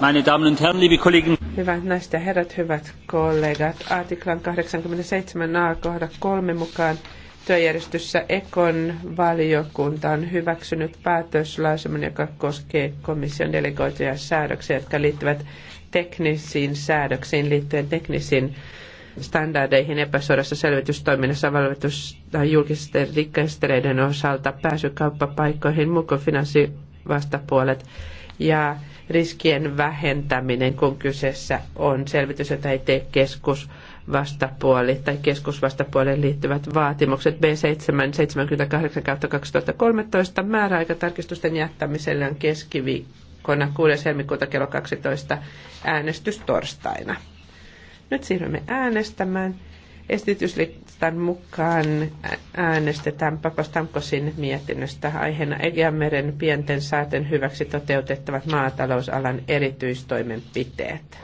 Meine Damen und Herren, liebe Kollegen. Hyvät naiset ja herrat, hyvät kollegat. Artiklan 87 a kohda 3 mukaan työjärjestyssä Ekon valiokunta on hyväksynyt päätöslauselman, joka koskee komission delegoituja säädöksiä, jotka liittyvät teknisiin säädöksiin liittyen teknisiin standardeihin epäsuorassa selvitystoiminnassa valvotusta julkisten rikkastereiden osalta pääsykauppapaikkoihin kauppapaikkoihin, mukaan finanssi vastapuolet ja riskien vähentäminen, kun kyseessä on selvitys, jota ei tee keskus vastapuoli tai keskusvastapuoleen liittyvät vaatimukset b 78 2013 määräaikatarkistusten jättämiselle on keskiviikkona 6. helmikuuta kello 12 äänestys torstaina. Nyt siirrymme äänestämään. Esityslistan mukaan äänestetään Pakostankosin mietinnöstä aiheena Egeanmeren pienten saaten hyväksi toteutettavat maatalousalan erityistoimenpiteet.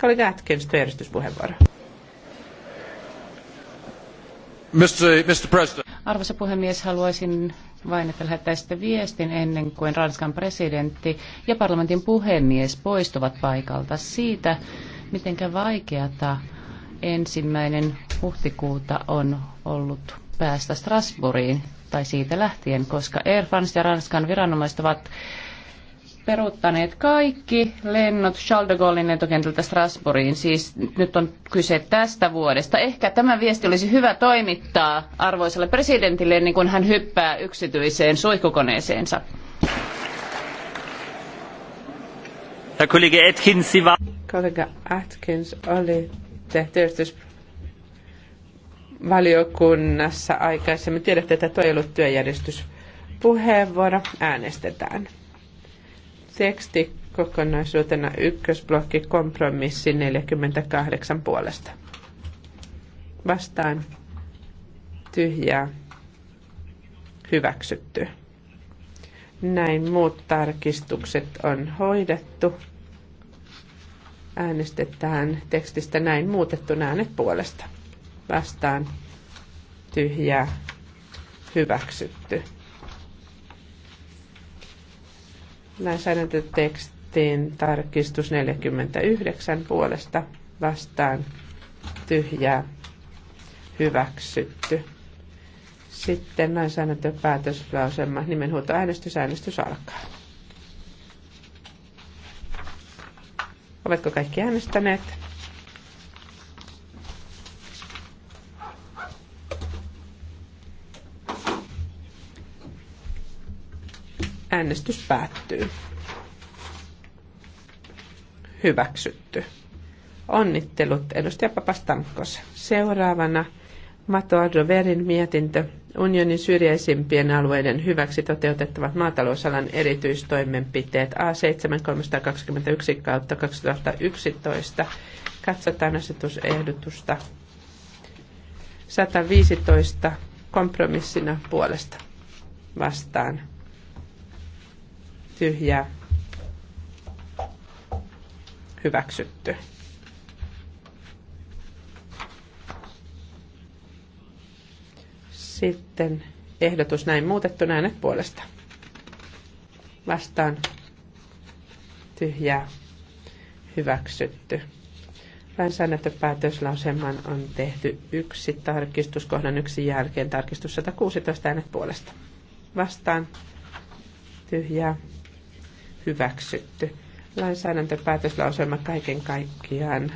Kollega Atkins, työjärjestyspuheenvuoro. Arvoisa puhemies, haluaisin vain, että lähettäisitte viestin ennen kuin Ranskan presidentti ja parlamentin puhemies poistuvat paikalta siitä, mitenkä vaikeata ensimmäinen huhtikuuta on ollut päästä Strasbourgiin tai siitä lähtien, koska Air France ja Ranskan viranomaiset ovat peruuttaneet kaikki lennot Charles de Gaullein lentokentältä Strasbourgiin. Siis nyt on kyse tästä vuodesta. Ehkä tämä viesti olisi hyvä toimittaa arvoisalle presidentille, niin kuin hän hyppää yksityiseen suihkukoneeseensa. Kollega Atkins, kollega Atkins oli olitte työjärjestysvaliokunnassa aikaisemmin. Tiedätte, että tuo ei ollut työjärjestyspuheenvuoro. Äänestetään. Teksti kokonaisuutena ykkösblokki kompromissi 48 puolesta. Vastaan tyhjää hyväksytty. Näin muut tarkistukset on hoidettu äänestetään tekstistä näin muutettuna äänet puolesta. Vastaan tyhjää hyväksytty. Lainsäädäntötekstin tarkistus 49 puolesta vastaan tyhjää hyväksytty. Sitten lainsäädäntöpäätöslauselma nimenhuutoäänestys äänestys alkaa. Oletko kaikki äänestäneet? Äänestys päättyy. Hyväksytty. Onnittelut edustaja Papastamkos. Seuraavana Matoa Verin mietintö unionin syrjäisimpien alueiden hyväksi toteutettavat maatalousalan erityistoimenpiteet A7321 2011. Katsotaan asetusehdotusta 115 kompromissina puolesta vastaan. Tyhjää. Hyväksytty. Sitten ehdotus näin muutettuna äänet puolesta. Vastaan tyhjää hyväksytty. Lainsäädäntöpäätöslauseman on tehty yksi tarkistuskohdan yksi jälkeen tarkistus 116 äänet puolesta. Vastaan tyhjää hyväksytty. Lainsäädäntöpäätöslauselma kaiken kaikkiaan.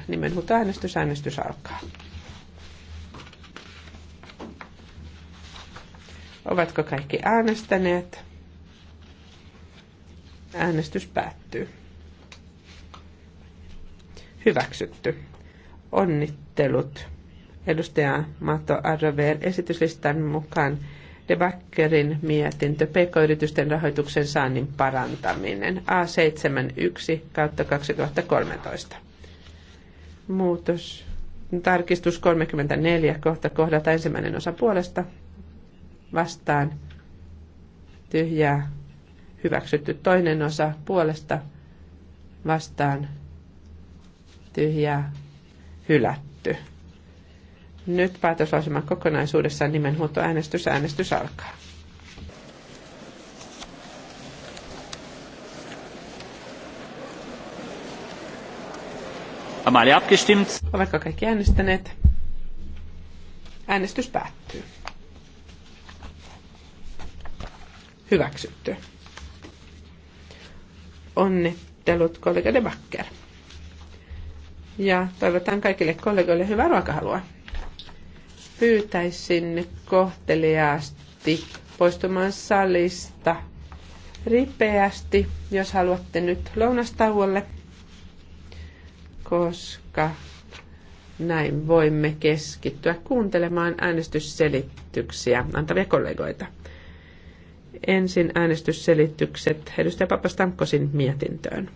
äänestys, äänestys alkaa. Ovatko kaikki äänestäneet? Äänestys päättyy. Hyväksytty. Onnittelut. Edustaja Mato Arrover esityslistan mukaan Debakkerin mietintö PK-yritysten rahoituksen saannin parantaminen A71 kautta 2013. Muutos. Tarkistus 34 kohta kohdata ensimmäinen osa puolesta vastaan tyhjää hyväksytty. Toinen osa puolesta vastaan tyhjää hylätty. Nyt päätöslausuma kokonaisuudessaan nimenhuutoäänestys. Äänestys alkaa. Haben Ovatko kaikki äänestäneet? Äänestys päättyy. Hyväksytty. Onnittelut kollega De Backer. Ja toivotan kaikille kollegoille hyvää ruokahalua. Pyytäisin kohteliaasti poistumaan salista ripeästi, jos haluatte nyt lounastauolle, koska näin voimme keskittyä kuuntelemaan äänestysselityksiä antavia kollegoita ensin äänestysselitykset edustaja Papastamkosin mietintöön.